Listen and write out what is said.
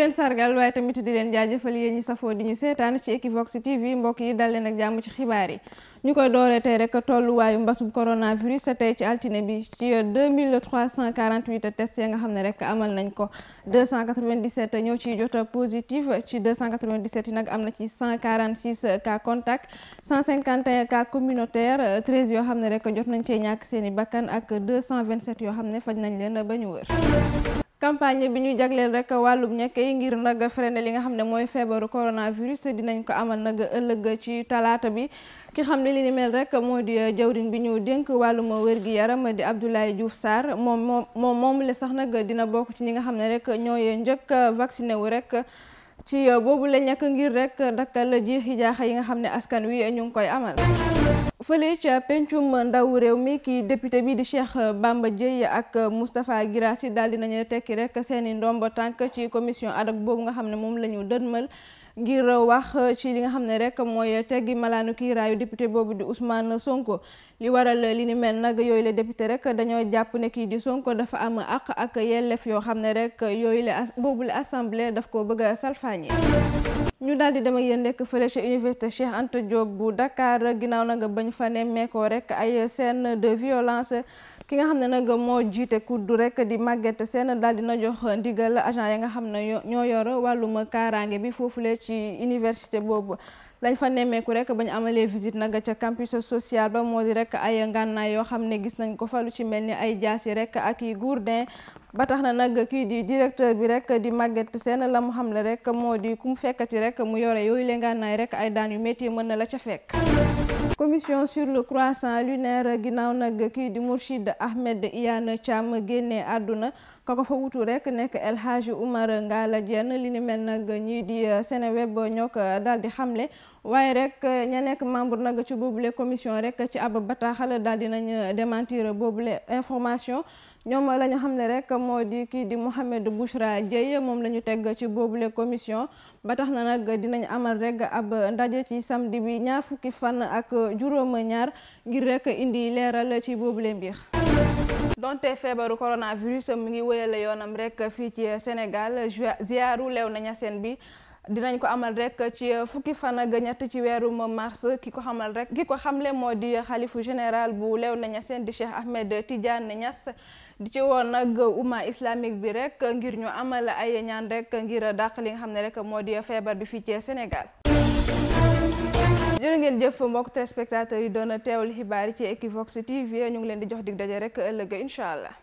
leen sargal waaye tamit di leen jaajëfal yéen ñi safoo di ñu seetaan ci Equivox TV mbokk yi dal leen ak jàmm ci xibaar yi ñu koy dooree tey rek tolluwaayu mbasub coronavirus tey ci altine bi ci 2348 test ya nga xam ne rek amal nañ ko 297 ñoo ci jota positif ci 297 yi nag am na ci 146 cas contact 151 cas communautaire 13 yoo xam ne rek jot nañ cee ñàkk seen i bakkan ak 227 yoo xam ne faj nañ leen ba ñu wër campagne bi ñuy jagleel rek wàllum ñekk yi ngir nag freiner li nga xam ne mooy feebaru coronavirus dinañ ko amal nag ëllëg ci talaata bi ki xam ne li ni mel rek moo di jawriñ bi ñu dénk wàllum wér-gi-yaram di Abdoulaye Diouf saar moom moom moom le sax nag dina bokk ci ñi nga xam ne rek ñooy njëkk vacciné wu rek ci boobu la ñekk ngir rek dakkal jii jaaxa yi nga xam ne askan wi ñu ngi koy amal fële ca pencum ndaw réew mi kii député bii di Cheikh Bamba Dièye ak Moustapha Guirassy daal di nañu tekki rek seen i ndombo tànk ci commission ad hoc boobu nga xam ne moom la ñu dënmal ngir wax ci li nga xam ne rek mooy teggi malaanu kiiraayu député boobu di Ousmane Sonko li waral li ni mel nag yooyu la député rek dañoo jàpp ne kii di Sonko dafa am àq ak yelleef yoo xam ne rek yooyu la as boobu la assemblée daf ko bëgg a yi ñu daal di dem ak yéen rek fële ca université Cheikh Anta Diop bu Dakar ginnaaw na nga bañ fa nemmeekoo rek ay scène de violence ki nga xam ne nag moo jiite kuddu rek di Maguette seen daal dina jox ndigal agent ya nga xam ne ñoo yor wàllum kaaraange bi foofu foofule ci université boobu lañ fa nemmeeku rek ñu amalee visite nag ca campus social ba moo di rek ay ngànnaay yoo xam ne gis nañ ko fa lu ci mel ni ay jaasi rek ak i gourdin ba tax na nag kii di directeur bi rek di Maguette seen la mu xamle rek moo di ku mu fekkati rek mu yore yooyu le ngànnaay rek ay daan yu métti mën na la ca fekk commission sur le croissant lunaire ginnaaw nag kii di Mourchid Ahmed Iyane Thiam génnee àdduna ka ko fa wutu rek nekk El Hadji Oumar Ngalla Diène li ni mel nag ñii di euh, Seneweb ñoo ko daal di xamle waaye rek euh, ña nekk membre nag ci boobule commission rek ci ab bataaxal daal di nañ euh, démentir boobule information ñoom lañu ñu xam ne rek moo di kii di Mouhamed Bouchra Dieye moom la ñu teg ci boobule commission ba tax na nag dinañ amal rek ab ndaje ci samedi bi ñaar fukki fan ak juróom ñaar ngir rekk indi leeral ci boobule mbir. donte feebaru coronavirus mi ngi wéyale yoonam rek fii ci Sénégal ziaru Léona Niassène bi dinañ ko amal rek ci fukki fan ak ñett ci weeru mars ki ko xamal rek ki ko xamle moo di xalifu général bu Léona Niassène di Cheikh Ahmed Tidiane Niass di ci woon nag uma islamique bi rek ngir ñu amal ay ñaan rek ngir dàq li nga xam ne rek moo di feebar bi fii ci Sénégal jërë ngeen jëf mbokk téléspectateurs yi doon teewlu xibaar yi ci Equivox TV ñu ngi leen di jox dig daje rek ëllëg incha allah.